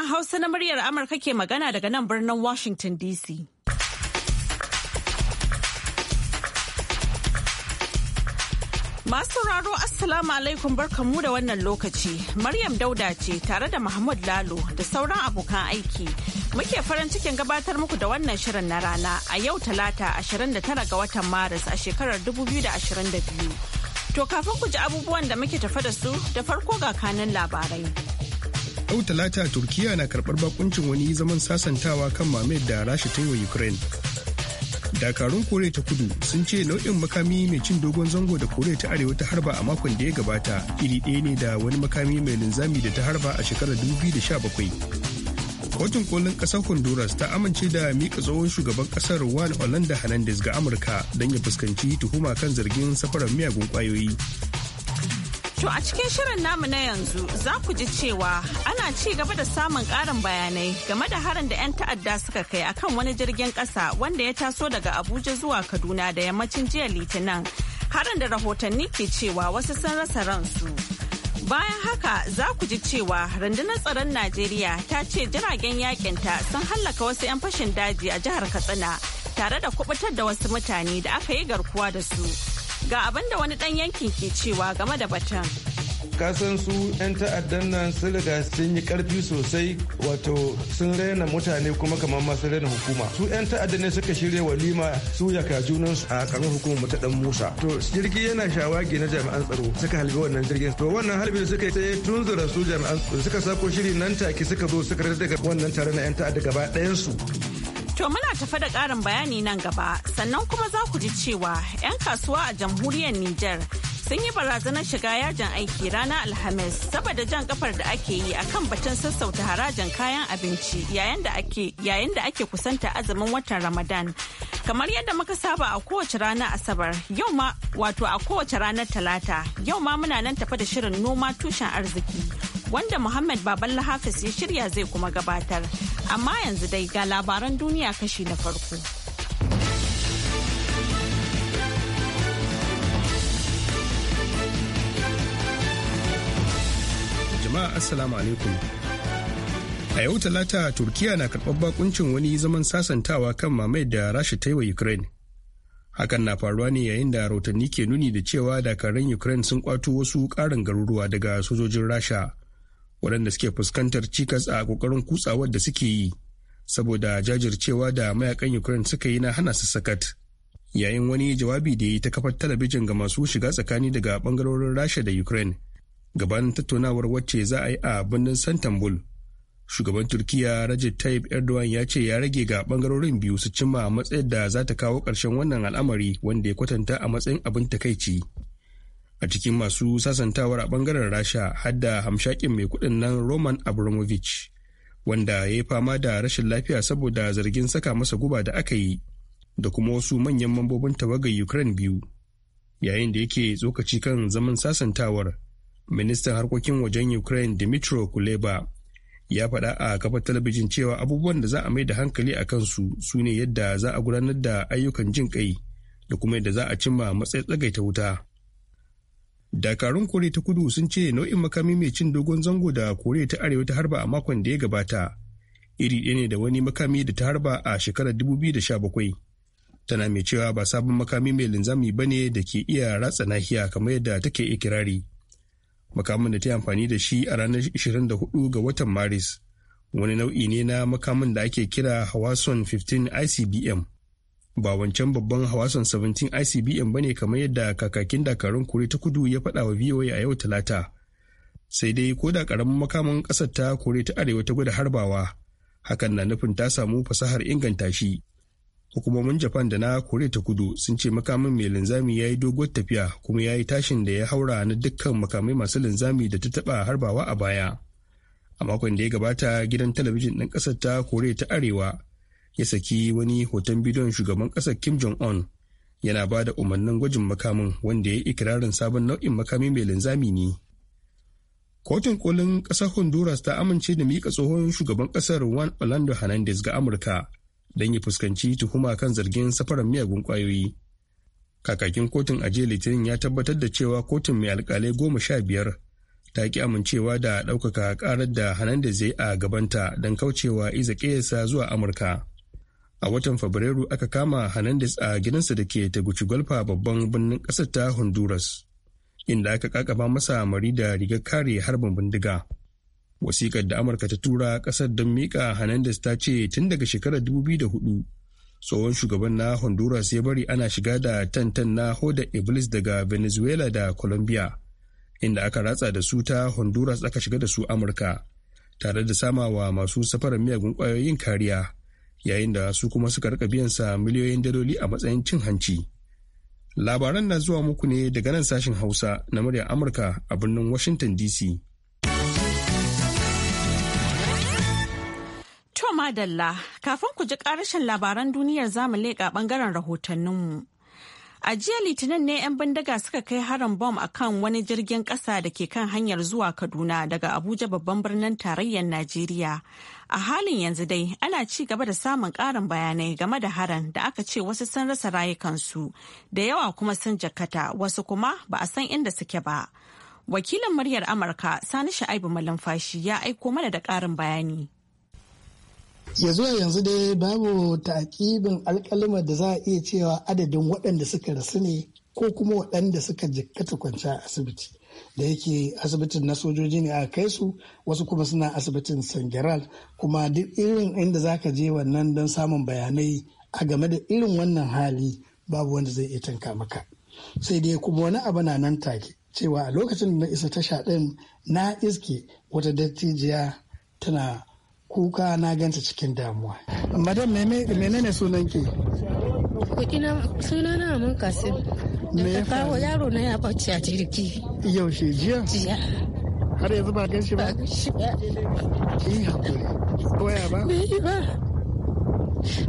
Sashen Hausa na muryar Amurka ke magana daga nan birnin Washington DC. Masu sauraro Assalamu alaikum mu da wannan lokaci. Maryam Dauda ce tare da Mahmud Lalo da sauran abokan aiki. Muke farin cikin gabatar muku da wannan shirin na rana a yau talata 29 ga watan Maris a shekarar 2022. To kafin ku ji abubuwan da muke tafa da su da farko ga kanin labarai. yau talata turkiya na karɓar bakuncin wani zaman sasantawa kan mamayar da rasha ta yi wa ukraine dakarun koriya ta kudu sun ce nau'in makami mai cin dogon zango da koriya ta arewa ta harba a makon da ya gabata iri ɗaya ne da wani makami mai linzami da ta harba a shekarar 2017 kotun kolin ƙasar honduras ta amince da miƙa tsohon shugaban ƙasar juan orlando hernandez ga amurka don ya fuskanci tuhuma kan zargin safarar miyagun ƙwayoyi To a cikin shirin namu na yanzu za ku ji cewa ana ci gaba da samun ƙarin bayanai game da harin da 'yan ta'adda suka kai akan wani jirgin ƙasa wanda ya taso daga Abuja zuwa Kaduna da yammacin jiya Litinin. Harin da rahotanni ke cewa wasu sun rasa ransu. Bayan haka za ku ji cewa rundunar tsaron Najeriya ta ce jiragen yakinta sun hallaka wasu 'yan fashin daji a jihar Katsina tare da kubutar da wasu mutane da aka yi garkuwa da su. Ga abin da wani ɗan yankin ke cewa game da batun. kasan su 'yan ta'addan nan sun riga sun yi karfi sosai wato sun raina mutane kuma kamar masu raina hukuma su 'yan ta'adda ne suka shirya walima su yaka junan su a karamar hukumar ta dan musa to jirgi yana shawagi na jami'an tsaro suka halbi wannan jirgin to wannan halbi suka yi sai tunzura su jami'an tsaro suka sako shiri nan take suka zo suka daga wannan tare na 'yan ta'adda gaba ɗayan su To muna tafa da ƙarin bayani nan gaba sannan kuma za ku ji cewa 'yan kasuwa a jamhuriyar Nijar sun yi barazanar shiga yajin aiki rana Alhamis saboda jan kafar da ake yi akan batun sassauta harajin kayan abinci yayin da ake yayin da ake kusanta azumin watan Ramadan. Kamar yadda muka saba a kowace rana Asabar, yau ma wato a kowace ranar Talata, yau ma muna nan tafa da shirin noma tushen arziki. wanda Muhammad Baballa Hafiz ya shirya zai kuma gabatar. Amma yanzu dai ga labaran duniya kashi na farko. Jama'a Assalamu alaikum. A yau talata Turkiya na karɓar bakuncin wani zaman sasantawa kan mamai da Rasha ta yi wa Ukraine. hakan na faruwa ne yayin da rahotanni ke nuni da cewa dakarun ukraine sun kwato wasu ƙarin garuruwa daga sojojin rasha waɗanda suke fuskantar cikas a ƙoƙarin kutsawar da suke yi saboda jajircewa da mayakan ukraine suka yi na hana su sakat yayin wani jawabi da ya yi ta kafar talabijin ga masu shiga tsakani daga bangarorin rasha da ukraine Gaban tattaunawar wacce za a yi a birnin santambul shugaban turkiya rajab tayyip erdogan ya ce ya rage ga bangarorin biyu su cimma matsayar da za ta kawo ƙarshen wannan al'amari wanda ya kwatanta a matsayin abin takaici a cikin masu sasantawar a bangaren rasha hadda hamshakin mai kudin nan roman abramovich wanda ya yi fama da rashin lafiya saboda zargin saka masa guba da aka yi da kuma wasu manyan mambobin tawagar ukraine biyu yayin da yake tsokaci kan zaman sasantawar ministan harkokin wajen ukraine dimitro kuleba ya faɗa a kafar talabijin cewa abubuwan da za a mai da hankali a kansu su ne yadda za a gudanar da ayyukan jin kai da kuma yadda za a cimma matsayin tsagaita wuta dakarun koriya ta kudu sun ce nau'in makami mai cin dogon zango da koriya ta arewa ta harba a makon da ya gabata iri ɗaya ne da wani makami da ta harba a shekarar 2017 tana mai cewa ba sabon makami mai linzami ba ne da ke iya ratsa nahiya kamar yadda take ikirari makamin da ta yi amfani da shi a ranar 24 ga watan maris wani nau'i ne na makamin da ake kira hawason 15 icbm ba wancan babban hawasan 17 icbm bane kamar yadda kakakin dakarun kore ta kudu ya faɗa wa voa a yau talata sai dai ko da karamin makaman ƙasar ta kore ta arewa ta gwada harbawa hakan na nufin ta samu fasahar inganta shi hukumomin japan da na kore ta kudu sun ce makamin mai linzami ya yi doguwar tafiya kuma ya yi tashin da ya haura na dukkan makamai masu linzami da ta taɓa harbawa a baya a makon da ya gabata gidan talabijin ɗin ƙasar ta kore ta arewa ya saki wani hoton bidiyon shugaban ƙasar kim jong-un yana ba da umarnin gwajin makamin wanda ya yi ikirarin sabon nau'in makami mai linzami ne. Kotun kolin ƙasar Honduras ta amince da miƙa tsohon shugaban ƙasar Juan Orlando Hernandez ga Amurka don ya fuskanci tuhuma kan zargin safaran miyagun ƙwayoyi. Kakakin kotun aje Litinin ya tabbatar da cewa kotun mai alƙalai goma sha biyar ta ki amincewa da ɗaukaka ƙarar da Hernandez ya yi a gabanta don kaucewa iza ƙeyasa zuwa Amurka. a watan fabrairu aka kama hernandez a gidansa da ke tegucigalpa babban birnin ƙasar ta honduras inda aka kakaba masa mari da rigar kare harbin bindiga wasikar da amurka ta tura ƙasar don miƙa hernandez ta ce tun daga shekarar 2004 tsohon shugaban na honduras ya bari ana shiga da tantan na hoda iblis daga venezuela da colombia inda aka ratsa da su ta honduras aka shiga da su amurka tare da sama wa masu safarar miyagun kwayoyin kariya yayin da su kuma suka rika biyan sa miliyoyin daloli a matsayin cin hanci labaran na zuwa muku ne daga nan sashen hausa na muryar amurka a birnin washington dc to madalla kafin ku ji karashin labaran duniyar zamu leƙa bangaren rahotanninmu A jiya Litinin ne 'yan bindiga suka kai harin bom a kan wani jirgin ƙasa da ke kan hanyar zuwa Kaduna daga Abuja babban birnin tarayyar Najeriya A halin yanzu dai ana ci gaba da samun ƙarin bayanai game da haran da aka ce wasu sun rasa rayukansu da yawa kuma sun jakata wasu kuma ba a san inda suke ba. Wakilin muryar Amurka Sani Sha'ibu Malumfashi ya aiko mana da ƙarin bayani. ya zuwa yanzu dai babu takibin alkalimar da za a iya cewa adadin waɗanda suka rasu ne ko kuma waɗanda suka jikkata kwance a asibiti da yake asibitin na sojoji ne a kai su wasu kuma suna asibitin sangeral kuma duk irin inda za ka je wannan don samun bayanai a game da irin wannan hali babu wanda zai iya tanka maka sai dai kuma wani abu na nan take cewa a lokacin da na isa tasha ɗin na iske wata dattijiya tana kuka na ganta cikin damuwa. Madam menene sunan Sunana Amin Kasim. me kawo yaro na ya bauci a jirgi yaushe jiya jiya har yanzu ba gan shi ba waya ba ba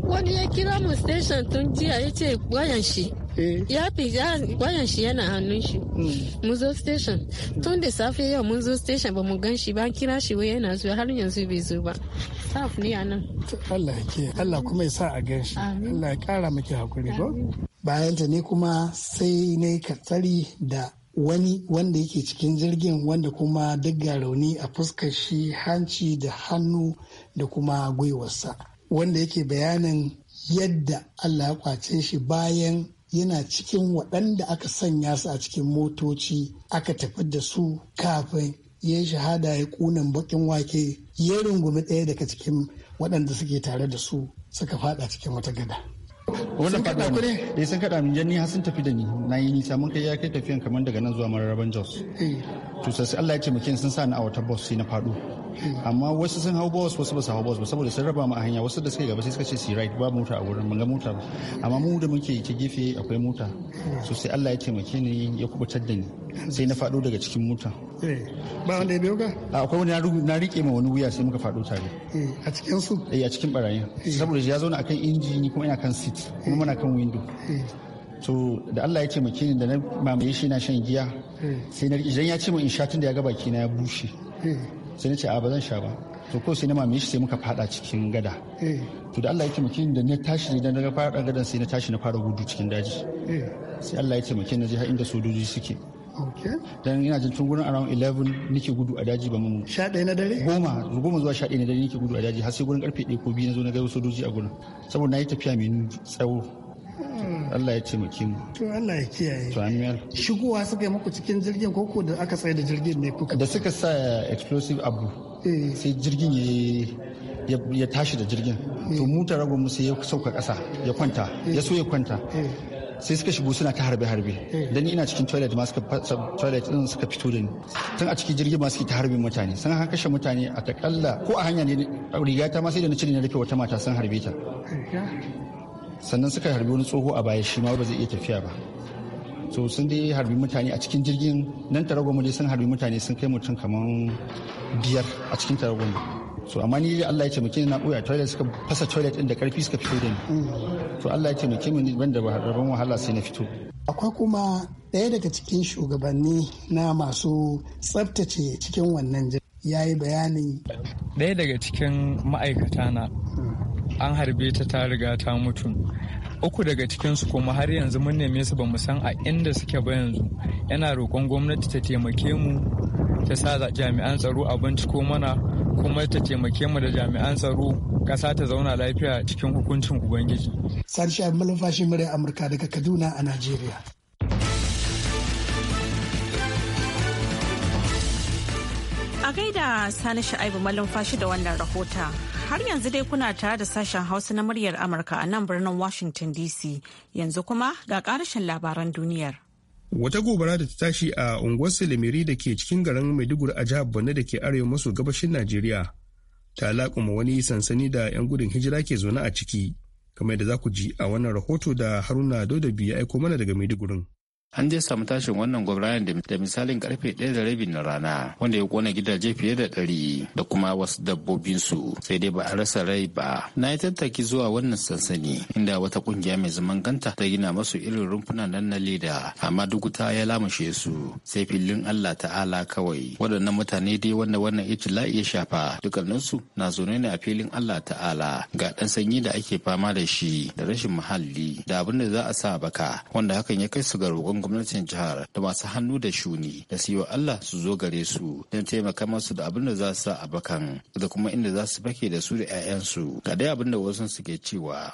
wani ya kira mu station tun jiya ya ce wayan shi eh. ya fi wayan shi yana hannun shi hmm. mun zo station tun da safe yau mun zo station ba mu gan shi ba kira shi wai yana zuwa har yanzu bai zo ba staff ne a nan Allah ya ke Allah kuma ya sa a gan shi Allah ya kara miki hakuri ba bayanta ne kuma sai na yi katsari da wani wanda yake cikin jirgin wanda kuma duk rauni a fuskar shi hanci da hannu da kuma gwiwarsa wanda yake bayanin yadda allah ya kwace shi bayan yana cikin waɗanda aka sanya su a cikin motoci aka tafi da su kafin ya shahada ya kunan bakin wake ya rungumi ɗaya daga cikin waɗanda suke tare da su suka faɗa cikin wata gada. Wannan faɗa ku ne? Eh sun kaɗa min janni har sun tafi da ni. Na yi nisa mun kai ya kai tafiyan kamar daga nan zuwa mararaban Jos. Eh. To sai Allah ya ce mukin sun sa ni a wata bus sai na faɗo. amma wasu sun hau bus wasu ba su hau bus ba saboda sun raba mu a hanya wasu da suka gaba sai suka ce si right ba mota a wurin mun ga mota ba amma mu da muke ta gefe akwai mota so sai Allah ya taimake ni ya kubutar da ni sai na faɗo daga cikin mota eh, ba wanda ya biyo ka akwai wani na rike ma wani wuya sai muka faɗo tare eh, a cikin su eh a cikin barayin eh. saboda ya zauna akan injin kuma ina kan seat kuma muna kan window to da Allah ya taimake ni da na mamaye shi na shan giya sai na idan ya ce mu in sha tun da ya ga baki na ya bushe sai na ce a ba zan sha ba to ko sai na mamaye shi sai muka fada cikin gada eh. to da Allah ya taimake ni da na tashi ne na fara gadan sai na tashi na fara gudu cikin daji eh. sai Allah ya taimake ni na je har inda sojoji suke dan ina jin tun gurin around 11 nake gudu a daji ba mu sha na dare goma goma zuwa sha na dare nake gudu a daji har sai gurin karfe ɗaya ko biyu na zo na ga sojoji a gurin saboda na yi tafiya mai tsawo Hmm. Allah ya ce mu to Allah ya kiyaye to amiyar shigowa suka yi muku cikin jirgin ko da aka tsaye da jirgin ne kuka da suka sa explosive abu eh. sai jirgin ya tashi da jirgin eh. to mutar rago mu sai ya sauka kasa ya kwanta eh. ya so ya kwanta sai suka shigo suna ta harbe-harbe dan ina cikin toilet ma suka toilet din suka fito da ni tun a cikin jirgin ma suke ta harbe mutane sun haka kashe mutane a takalla ko a hanya ne riga ta ma sai da na cire na rufe wata mata sun harbe ta sannan suka harbi wani tsoho a baya shi ma ba zai iya tafiya ba so sun dai harbi mutane a cikin jirgin nan taragon dai sun harbi mutane sun kai mutum kamar biyar a cikin taragon so amma ni Allah ya ce ni na boya toilet suka fasa toilet din da karfi suka fito da ni to Allah ya taimake ni banda ba rabon wahala sai na fito akwai kuma ɗaya daga cikin shugabanni na masu tsabtace cikin wannan jirgin ya yi bayanin ɗaya daga cikin ma'aikata na hmm. an harbe ta ta riga ta mutu uku daga cikinsu kuma har yanzu mun neme su ba san a inda suke ba yanzu yana roƙon gwamnati ta taimake mu ta sa jami'an tsaro a binciko mana kuma ta taimake mu da jami'an tsaro kasa ta zauna lafiya cikin hukuncin ubangiji. sarshe malumfashi murai amurka daga kaduna a najeriya. a gaida sani sha'ibu malumfashi da wannan rahota har yanzu dai kuna tare da sashen hausa na muryar amurka a nan birnin washington dc yanzu kuma ga karshen labaran duniyar wata gobara da ta tashi a unguwar silimiri da ke cikin garin maiduguri a jihar borno da ke arewa maso gabashin najeriya ta laƙuma wani sansani da 'yan gudun hijira ke zaune a ciki kamar da za ku ji a wannan rahoto da haruna dodabi ya aiko mana daga maidugurin an dai samu tashin wannan gwamnatin da misalin karfe ɗaya da rabin na rana wanda ya kona gidaje fiye da ɗari da kuma wasu dabbobinsu sai dai ba a rasa rai ba na yi tattaki zuwa wannan sansani inda wata kungiya mai zaman ganta, ta gina masu irin rumfuna nan na leda amma duguta ya lamushe su sai filin allah ta'ala kawai waɗannan mutane dai wanda wannan itila'i ya shafa dukkaninsu na zaune ne a filin allah ta'ala ga ɗan sanyi da ake fama da shi da rashin muhalli da abin da za a sa baka wanda hakan ya kai su ga roƙon gwamnatin jihar da masu hannu da shuni da su yi Allah su zo gare su don taimaka masu da abin da za su sa a bakan da kuma inda za su fake da su da 'ya'yansu ga dai abin da wasu suke cewa.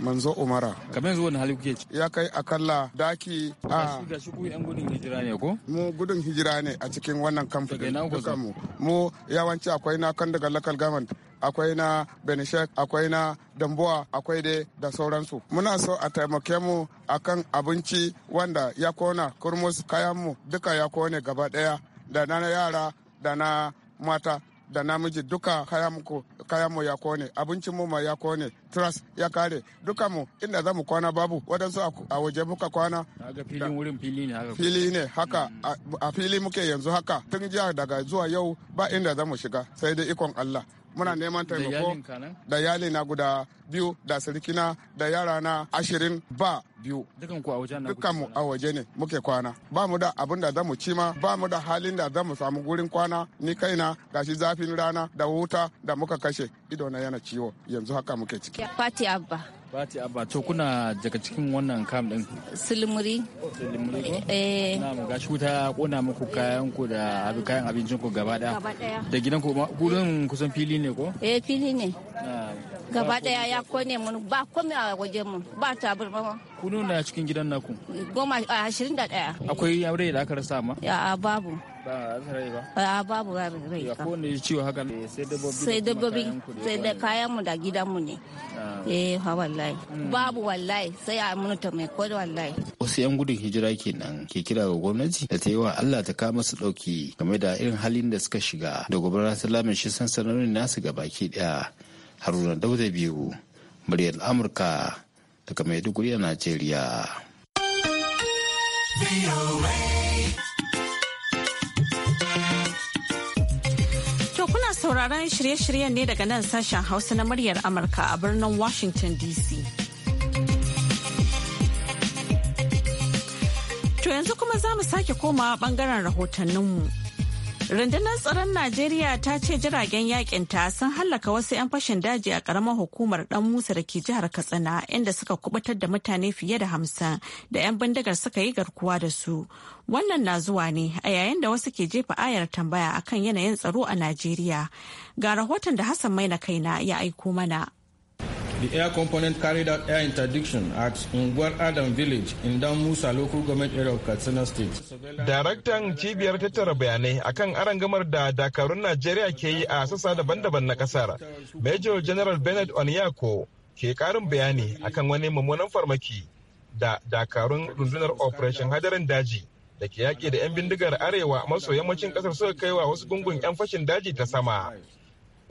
Manzo Umara. Kamar yanzu wani hali kuke ci. Ya kai akalla daki a. shi ku yan gudun hijira ne ko? Mu gudun hijira ne a cikin wannan kamfanin. Mu yawanci akwai na kan daga lakal government akwai na benishek akwai na damboa akwai dai da sauransu muna so a taimake mu akan abinci wanda ya kona kurmus kayanmu duka ya kone gaba daya da na yara da na mata da namiji duka kayanmu ya kone abincinmu ma ya kone trust ya kare duka mu inda za mu kwana babu waɗansu a waje muka kwana fili ne haka a fili muke yanzu haka tun jiya daga zuwa yau ba inda za mu shiga sai dai ikon allah muna neman taimako da yali na guda biyu da sirikina da yara na ashirin ba biyu dukkan mu a waje ne muke kwana ba mu da abin da zamu ci ma ba mu da halin da zamu samu gurin kwana ni kaina shi zafin rana da wuta da muka kashe ido na yana ciwo yanzu haka muke ciki fati Bati Abba to kuna daga cikin wannan kam din. silimuri. silimuri ko? Eh. Na mu gashi wuta kona muku kayan ku da abu kayan abincin ku gaba daya. Gaba daya. Da gidan ku gurin kusan fili ne ko? Eh fili ne. Gaba daya ya kone mun ba komai a wajen mu ba tabarma. Ku nuna cikin gidan naku? Goma ashirin da ɗaya. Akwai aure da aka rasa ma? Ya babu. Ba rai ba? Ya babu rai. Ya ko ne ciwo haka? Sai dabbobi. Sai dabbobi. Sai da kayan mu da gidan mu ne. Ah. Eh ha wallahi. Hmm. Babu wallahi sai a munuta mai kwari wallahi. Wasu 'yan gudun hijira kenan ke kira ga gwamnati da ta yi wa Allah ta kama su ɗauki game da irin halin da suka shiga da gobara ta lamishe sansanonin nasu gabaki ɗaya. Haruna Dauda biyu, muryar Amurka daga Maiduguri a Najeriya. To kuna sauraron shirye-shiryen ne daga nan sashen Hausa na muryar Amurka a birnin Washington DC. To yanzu kuma za mu sake komawa bangaren rahotanninmu. Rundunar tsaron Najeriya ta ce jiragen yakinta sun hallaka wasu 'yan fashin daji a karamar hukumar Dan Musa da ke jihar Katsina inda suka kubutar da mutane fiye da hamsin da 'yan bindigar suka yi garkuwa da su. Wannan na zuwa ne a yayin da wasu ke jefa ayar tambaya akan yanayin tsaro a Najeriya. Ga rahoton da Hassan Maina kaina ya aiko mana. The air component carried out air interdiction at Unguwar Adam Village in Dan Musa local government area of Katsina State. Daraktan cibiyar tattara bayanai akan arangamar da dakarun Najeriya ke yi a sassa daban-daban na kasar. Major General Bernard Onyako ke karin bayani akan wani mummunan farmaki da dakarun rundunar Operation Hadarin Daji da ke yaƙi da 'yan bindigar arewa maso yammacin ƙasar suka kai wa wasu gungun 'yan fashin daji ta sama.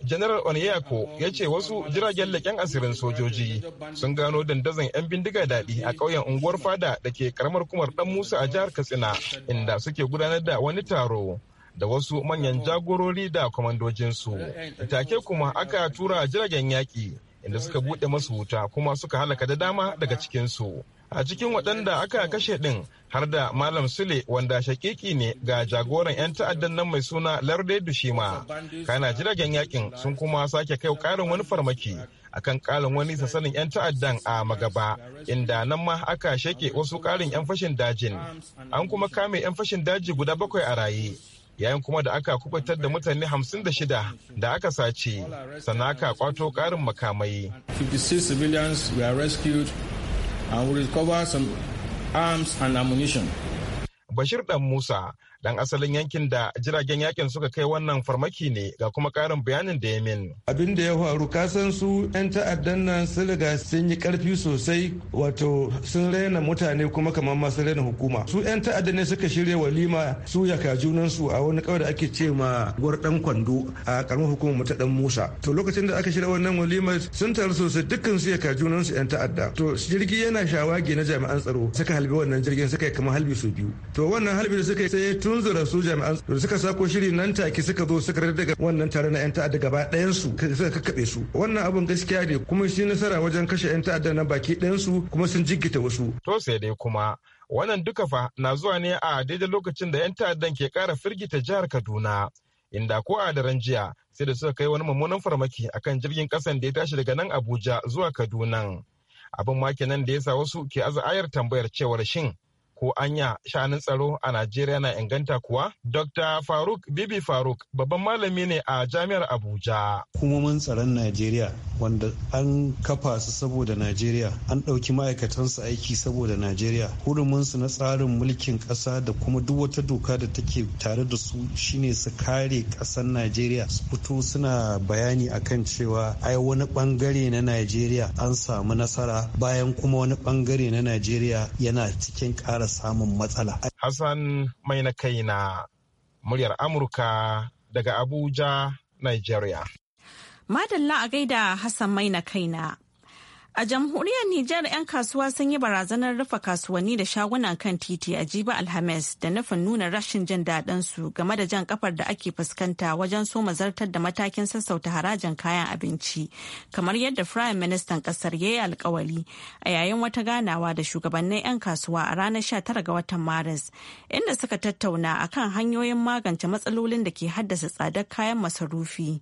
General Onyeko ya ce wasu jiragen leƙen asirin sojoji sun gano dandazon 'yan bindiga daɗi a ƙauyen unguwar fada da ke karamar kumar ɗan Musa a jihar Katsina inda suke gudanar da wani taro. da wasu manyan jagorori da kwamandojinsu. Take kuma aka tura jiragen yaƙi inda suka buɗe masu wuta kuma suka halaka da dama daga cikinsu. a cikin waɗanda aka kashe ɗin har da malam sule wanda shaƙiƙi ne ga jagoran 'yan ta'addan nan mai suna larde dushima kana jiragen yakin sun kuma sake kai ƙarin wani farmaki akan ƙarin wani sassanin 'yan ta'addan a magaba inda nan ma aka shake wasu ƙarin 'yan fashin dajin an kuma kame 'yan fashin daji guda bakwai a raye yayin kuma da aka kubutar da mutane hamsin da shida da aka sace sannan aka kwato ƙarin makamai. 56 civilians were rescued and we recover some arms and ammunition. Bashir Dan Musa dan asalin yankin da jiragen yakin suka kai wannan farmaki ne ga kuma karin bayanin da ya min. Abin da ya faru kasan su 'yan ta'addan nan sun riga sun yi karfi sosai wato sun raina mutane kuma kamar masu raina hukuma. Su 'yan ta'adda ne suka shirya walima su yaka junan su a wani kawai da ake ce ma gwardan kwando a karamar hukumar mu ta dan Musa. To lokacin da aka shirya wannan walima sun taru sosai dukkan su yaka junan su 'yan ta'adda. To jirgi yana shawagi na jami'an tsaro suka halbi wannan jirgin suka yi kamar halbi su biyu. To wannan halbi da suka yi sai zura su jami'an da suka sako shiri nan take suka zo suka daga wannan tare na 'yan ta'adda gaba ɗayan su suka kakkaɓe su wannan abun gaskiya ne kuma shi nasara wajen kashe 'yan ta'adda na baki ɗayan su kuma sun jiggita wasu. To sai dai kuma wannan duka fa na zuwa ne a daidai lokacin da 'yan ta'addan ke kara firgita jihar Kaduna. inda ko a daren jiya sai da suka kai wani mummunan farmaki akan jirgin kasan da ya tashi daga nan Abuja zuwa Kaduna. Abin ma kenan da ya sa wasu ke aza ayar tambayar cewar shin ko anya shanun tsaro a Najeriya na inganta kuwa? Dr. Faruk Bibi Faruk babban malami ne a Jami'ar Abuja. Hukumomin tsaron Najeriya wanda an kafa su saboda Najeriya, an ɗauki ma'aikatansu aiki saboda Najeriya, huruminsu na tsarin mulkin ƙasa da kuma duk wata doka da take tare da su shine su kare ƙasar Najeriya. Su fito suna bayani akan cewa ai wani ɓangare na Najeriya an samu nasara bayan kuma wani bangare na Najeriya yana cikin ƙara ƙara samun matsala. Hassan mai na kai na muryar Amurka daga Abuja, Nigeria. Madalla a gaida Hassan mai na kai na. A jamhuriyar Nijar 'yan kasuwa sun yi barazanar rufe kasuwanni da shagunan kan titi a jibi Alhamis da nufin nuna rashin jin daɗin su game da jan kafar da ake fuskanta wajen so zartar da matakin sassauta harajin kayan abinci, kamar yadda Firayim Ministan ƙasar ya yi alkawari a yayin wata ganawa da shugabannin 'yan kasuwa a ranar 19 ga watan Maris, inda suka tattauna akan hanyoyin magance matsalolin da ke haddasa tsadar kayan masarufi.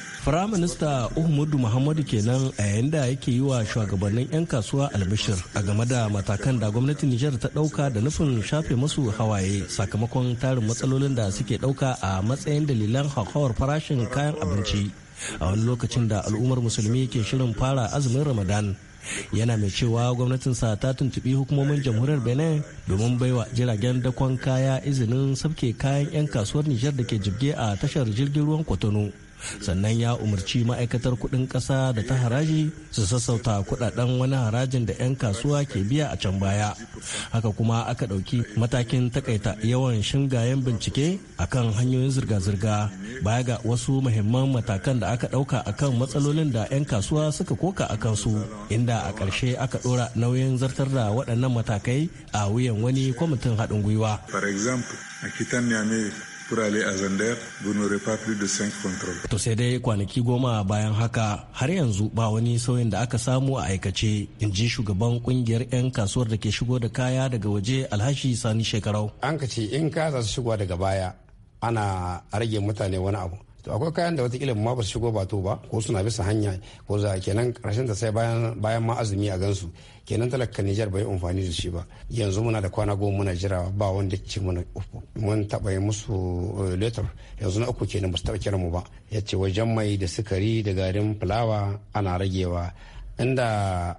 Firaminista Uhumudu Muhammadu kenan a yayin da yake yi wa shugabannin 'yan kasuwa albishir a game da matakan da gwamnatin Nijar ta ɗauka da nufin shafe masu hawaye sakamakon tarin matsalolin da suke ɗauka a matsayin dalilan hauhawar farashin kayan abinci a wani lokacin da al'ummar musulmi ke shirin fara azumin Ramadan. yana mai cewa gwamnatinsa ta tuntubi hukumomin jamhuriyar benin domin baiwa jiragen dakon kaya izinin sabke kayan 'yan kasuwar nijar da ke jirge a tashar jirgin ruwan kwatano sannan ya umarci ma'aikatar kuɗin ƙasa da ta haraji su sassauta kudaden wani harajin da 'yan kasuwa ke biya a can baya haka kuma aka ɗauki matakin takaita yawan shingayen bincike akan hanyoyin zirga-zirga baya ga wasu muhimman matakan da aka ɗauka akan matsalolin da 'yan kasuwa suka koka a kansu inda a ƙarshe aka ɗora nauyin zartar da waɗannan matakai a wuyan wani kwamitin haɗin gwiwa. a To sai dai kwanaki goma bayan haka har yanzu ba wani sauyin da aka samu a aikace in ji shugaban kungiyar 'yan kasuwar da ke shigo da kaya daga waje alhashi sani shekarau. An ka ce in kasa su shigo daga baya ana rage mutane wani abu. to akwai kayan da watakila ma ba su shigo ba to ba ko suna bisa hanya ko za kenan karshen ta sai bayan bayan ma azumi a gansu kenan talaka Nijar bai amfani da shi ba yanzu muna da kwana goma muna jira ba wanda ce muna uku mun taba yi musu eh, letter yanzu na uku kenan ba su taba kiran mu ba yace wajen mai da sukari da garin fulawa ana ragewa inda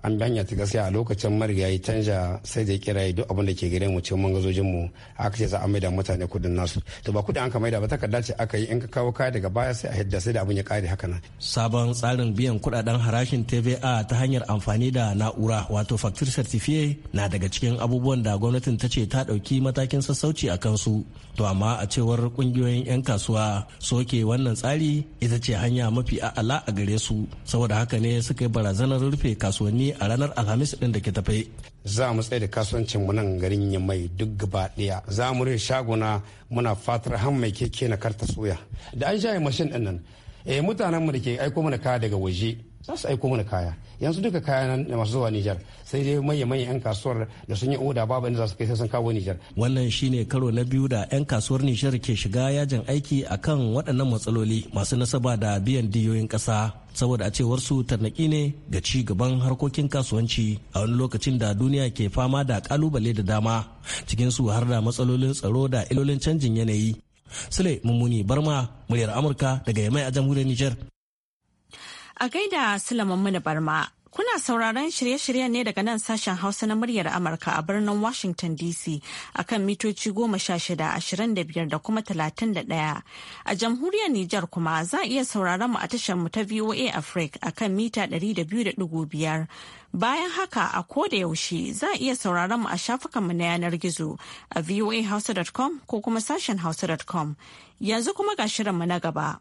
an bi hanya ta gaskiya a lokacin ya canja sai da kira duk abin da ke gare mu ce mun mu aka ce za a maida mutane kudin nasu to ba kudi an ka maida ba takarda ce aka yi in ka kawo kaya daga baya sai a hidda sai da abin ya kare haka nan sabon tsarin biyan kudaden harashin TVA ta hanyar amfani da na'ura wato factor certificate na daga cikin abubuwan da gwamnatin ta ce ta dauki matakin sassauci a kansu to amma a cewar kungiyoyin 'yan kasuwa soke wannan tsari ita ce hanya mafi a'ala a gare su saboda haka ne suka yi barazanar rufe kasuwanni a ranar alhamis din da ke tafe. za mu tsaye da kasuwancin mu nan garin yamai duk gaba daya za mu rufe shaguna muna fatar han mai keke na karta soya da an shaye mashin din nan eh mutanen mu da ke aiko mana kaya daga waje za su aiko mana kaya yanzu duka kayan da masu zuwa Nijar sai dai manya manyan 'yan kasuwar da sun yi oda babu inda za su kai sai sun kawo Nijar. Wannan shine karo na biyu da 'yan kasuwar Nijar ke shiga yajin aiki akan waɗannan matsaloli masu nasaba da biyan diyoyin ƙasa. saboda a cewar su tarnaki ne ga ci gaban harkokin kasuwanci a wani lokacin da duniya ke fama da kalubale da dama cikin su har da matsalolin tsaro da ilolin canjin yanayi sule mummuni barma muryar amurka daga yamai a jamhuriyar niger A gaida sulaman mana Barma, kuna sauraron shirye-shiryen ne daga nan sashen Hausa na muryar Amurka a birnin Washington DC akan mitoci goma sha shida ashirin da biyar da kuma talatin da ɗaya. A jamhuriyar Nijar kuma za a iya sauraron mu a tashar mu ta VOA Africa akan mita ɗari da biyu da ɗigo biyar. Bayan haka a koda yaushe za a iya sauraron mu a shafukanmu na yanar gizo a voahausa.com ko kuma sashen hausa.com. Yanzu kuma ga shirinmu na gaba.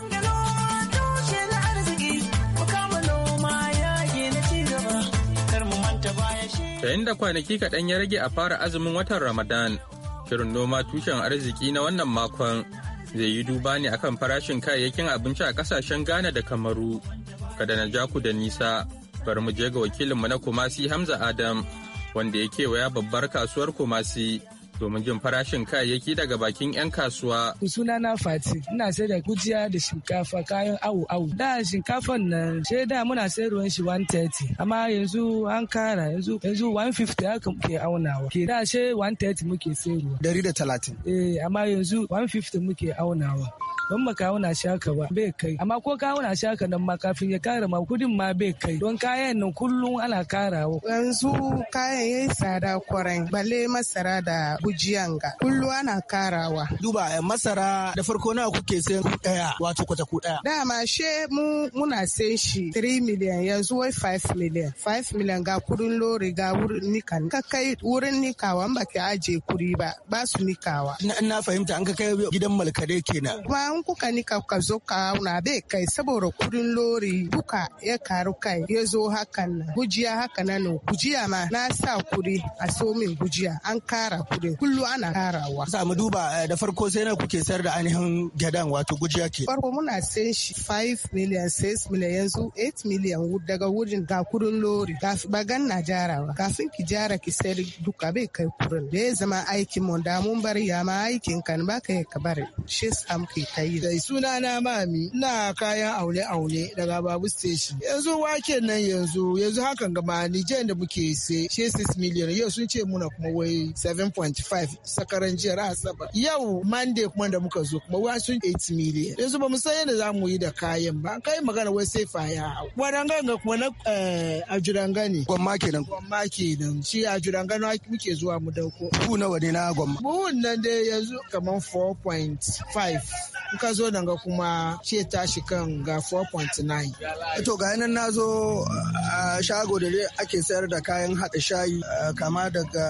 yayin da kwanaki kaɗan ya rage a fara azumin watan Ramadan, shirin noma tushen arziki na wannan makon zai yi duba ne akan farashin kayayyakin abinci a ƙasashen Ghana da Kamaru. Kada na ja ku da nisa, bari mu je ga wakilinmu na Kumasi Hamza Adam, wanda ya kewaya babbar kasuwar Kumasi domin jin farashin kayayyaki daga bakin 'yan kasuwa. Suna na Fati, ina sai da gujiya da shinkafa kayan awu awu. Da shinkafan nan she da muna sai ruwan shi 130, amma yanzu an kara yanzu yanzu 150 haka muke aunawa. Ke da she 130 muke sai ruwa. 130. Eh, amma yanzu 150 muke aunawa. don ma kawuna shi haka ba bai kai amma ko kawuna shi haka nan ma kafin ya kara ma kudin ma bai kai don kayan nan kullum ana karawa yanzu kayan yayi tsada kwarai balle masara da gujiyan ga kulluwa na karawa duba eh, masara da farko nawa kuke sayan daya wato kwata ku daya dama she mu muna sayan shi 3 million yanzu wai 5 million 5 million ga kudin lori ga wurin nika. ka kai wurin nikawa ba ki aje kuri ba ba su nikawa na fahimta an ka kai gidan malkade kenan kuma an kuka nika ka zo ka na bai kai saboda kudin lori duka ya karu kai ya zo hakan na. gujiya na nan gujiya ma na sa kuri a so min gujiya an kara kudin kullu ana karawa za mu duba eh, da farko sai na kuke sayar da ainihin gyadan wato gujiya ke farko muna sayan shi 5 million 6 million yanzu 8 million daga wurin ga kudin lori bagan na jarawa kafin ki jara ki sayar duka bai kai kurin da ya zama aikin mu da mun bari ya ma aikin kan ba ka ka bari shi sam ke ta yi suna na mami na kayan aule aule daga babu station yanzu waken nan yanzu yanzu hakan gaba ni da muke sai 6 million yau sun ce muna kuma wai 7.5 45 sakaran jiya asabar yau monday kuma da muka zo kuma wa sun 8 million yanzu ba mu san yadda za mu yi da kayan ba kai magana wai sai faya hau wadanganga kuma na eh, A juranga ne gwamma kenan gwamma kenan shi juranga na muke zuwa mu dauko buhu nawa ne na gwamma buhun nan dai yanzu kaman 4.5 ka zo nan ga kuma ce tashi kan ga 4.9 to ga nan na zo a shago da ake sayar da kayan hada shayi eh, kama daga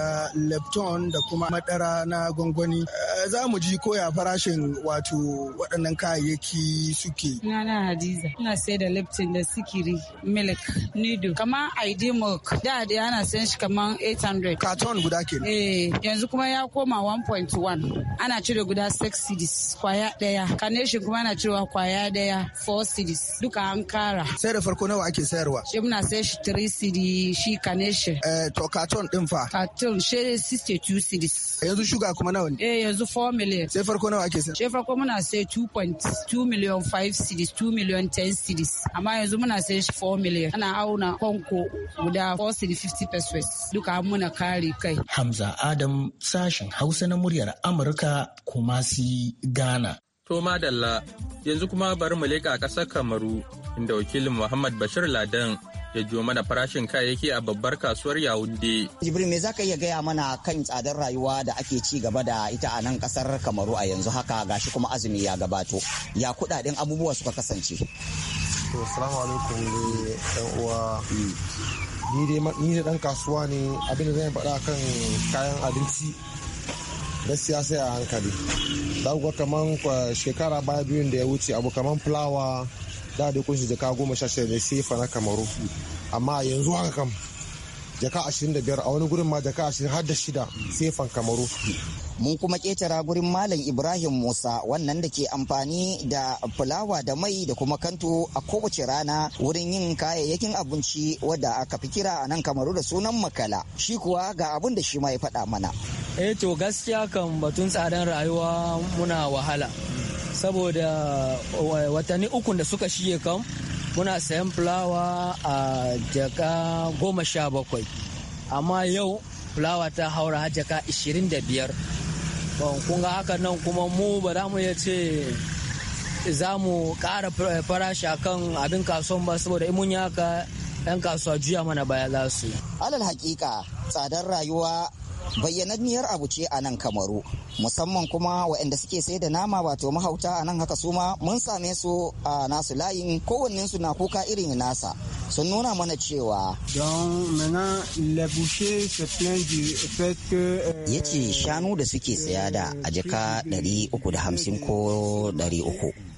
lepton da kuma madara na gwangwani eh, za mu ji koya farashin wato waɗannan kayayyaki suke na hadiza ina sai da lipton da sikiri milk nido kamar id milk da da ana sayan shi kamar 800 carton guda ke eh yanzu kuma ya koma 1.1 ana cire guda 6 cds kwaya daya carnation kuma ana cirewa kwaya daya 4 cds duka an kara sai da farko nawa ake sayarwa shi muna sai shi 3 cd shi carnation eh to carton din fa carton shi 62 cds A Yanzu shuga kuma nawa ne? Eh yanzu 4 million. Sai farko nawa ake sayar? Sai farko muna sai 2.2 million 5 cities, 2 million 10 cities. Amma yanzu muna sai 4 million. Ana auna konko guda 4 city 50 pesos. Duka muna kare kai. Hamza Adam sashen Hausa na muryar Amurka kuma si Ghana. To madalla yanzu kuma bari mu leƙa ƙasar Kamaru inda wakilin Muhammad Bashir Ladan ya jiyo mana farashin kayayyaki a babbar kasuwar yawunde. Jibril me zaka iya gaya mana kan tsadar rayuwa da ake ci gaba da ita a nan kasar Kamaru a yanzu haka gashi kuma azumi ya gabato. Ya kudaden abubuwa suka kasance. To assalamu alaikum ɗan uwa. Hmm. Ni da ɗan kasuwa ne abin da zan faɗa kan kayan abinci da siyasa a hankali. Za ku kaman shekara baya biyun da ya wuce abu kaman fulawa da da kunshi jaka goma sha shida ne sai fana kamaru amma yanzu haka kam jaka ashirin da biyar a wani gurin ma jaka ashirin har da shida sai fara kamaru mun kuma ketara gurin malam ibrahim musa wannan da ke amfani da fulawa da mai da kuma kanto a kowace rana wurin yin kayayyakin abinci wadda aka fi kira a nan kamaru da sunan makala shi kuwa ga abin da shi ma ya faɗa mana eh to gaskiya kan batun tsadar rayuwa muna wahala saboda watanni ukun da suka shige kan muna sayan fulawa a jaka goma sha bakwai amma yau fulawa ta haura a jaka ishirin da biyar kunga haka nan kuma mu ba za mu iya ce za mu ƙara farashi akan abin kasuwan ba saboda in mun yi haka 'yan kasuwa juya mana baya za su. Alal hakika tsadar rayuwa bayyananniyar abu ce a nan kamaru musamman kuma waɗanda suke sai da nama wato mahauta a nan haka suma mun same su a nasu layin kowannen su na kuka irin nasa sun nuna mana cewa ya ce shanu da suke saya da a jika 350 ko 300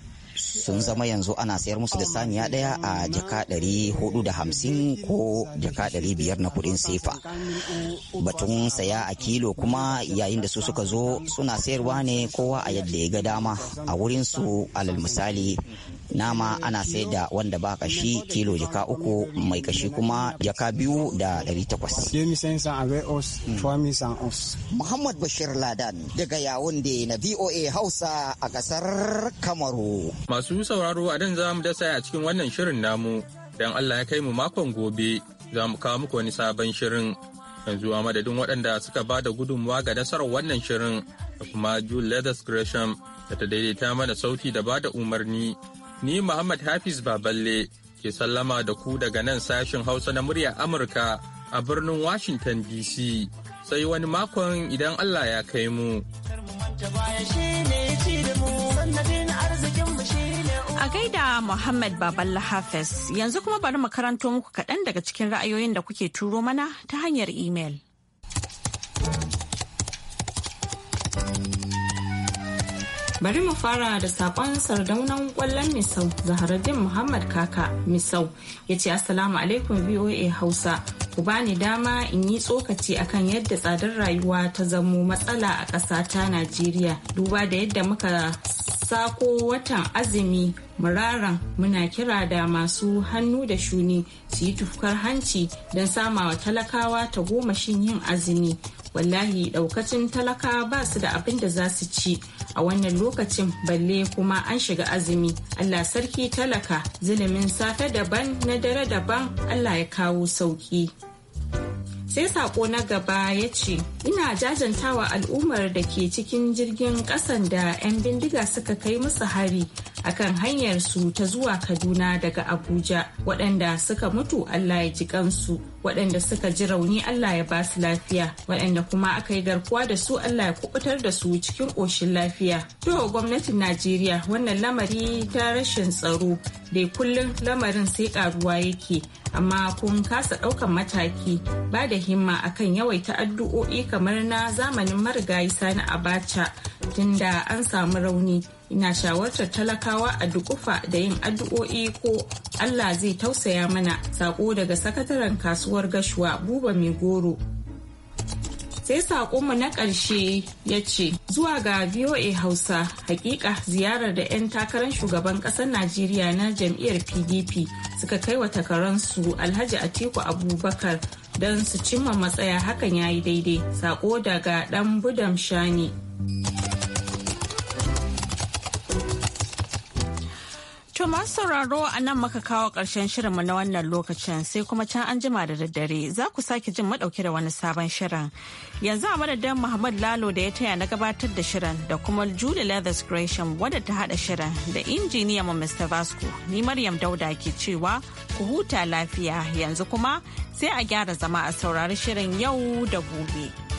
sun zama yanzu ana sayar musu da saniya daya a jaka ɗari hudu da hamsin ko jaka ɗari biyar na kuɗin sefa batun saya a kilo kuma yayin da su suka zo suna sayarwa ne kowa a yadda ya ga dama a wurin su alal misali nama ana sayar da wanda ba kashi kilo jaka uku mai kashi kuma jaka biyu da ɗari takwas. Muhammad Bashir Ladan daga yawon da na VOA Hausa a ƙasar Kamaru. Masu sauraro a dan za mu dasa a cikin wannan shirin namu don Allah ya kai mu makon gobe za mu kawo muku wani sabon shirin yanzu a madadin waɗanda suka ba da gudunmawa ga nasarar wannan shirin da kuma Jude Leathers Gresham da ta daidaita mana sauti da ba da umarni ni Muhammad Hafiz Baballe ke sallama da ku daga nan sashin Hausa na murya Amurka a birnin Washington DC. Sai wani makon idan Allah ya kai mu. A gaida Muhammad Baballe Hafiz yanzu kuma bari mu karanto muku kaɗan daga cikin ra'ayoyin da kuke turo mana ta hanyar imel. Bari mu fara da sakon sardaunan kwallon Misau Zaharaddin Muhammad Kaka Misau ya ce Assalamu alaikum VOA Hausa. Ku bani dama in yi tsokaci akan yadda tsadar rayuwa ta zamo matsala a ƙasa ta Najeriya duba da yadda muka sako watan azumi muraran muna kira da masu hannu da shuni su yi tufkar hanci don samawa talakawa ta goma shin yin azumi wallahi daukacin talaka ba su da abin da za su ci a wannan lokacin balle kuma an shiga azumi allah sarki talaka zilimin safe daban na dare daban allah ya kawo sauki sai sako na gaba ya ce ina jajantawa al'ummar da ke cikin jirgin kasan da 'yan bindiga suka kai musu hari akan hanyar su ta zuwa kaduna daga abuja waɗanda suka mutu allah ya ji kansu waɗanda suka ji rauni allah ya ba su lafiya waɗanda kuma aka yi garkuwa da su allah ya kubutar da su cikin ƙoshin lafiya to gwamnatin najeriya wannan lamari ta rashin tsaro dai kullum lamarin sai ƙaruwa yake amma kun kasa ɗaukan mataki ba da himma akan yawaita addu'o'i kamar na zamanin marigayi sani abacha tunda an samu rauni ina shawartar talakawa a dukufa da yin addu'o'i ko allah zai tausaya mana sako daga sakataren kasuwar gashuwa buba mai goro sai mu na ƙarshe ya ce zuwa ga voa hausa hakika ziyarar da 'yan takarar shugaban ƙasar najeriya na jam'iyyar pdp suka kai wa takararsu alhaji atiku abubakar don su cimma matsaya hakan ya yi daidai sako daga dan budam shani To masu sauraro a nan maka kawo ƙarshen shirinmu na wannan lokacin sai kuma can an jima da daddare za ku sake jin madauke da wani sabon shirin. Yanzu a madadin Muhammad Lalo da ya taya na gabatar da shirin da kuma Julie Leathers Gresham wadda ta haɗa shirin da injiniya mu Mr. Vasco ni Maryam Dauda ke cewa ku huta lafiya yanzu kuma sai a gyara zama a saurari shirin yau da gobe.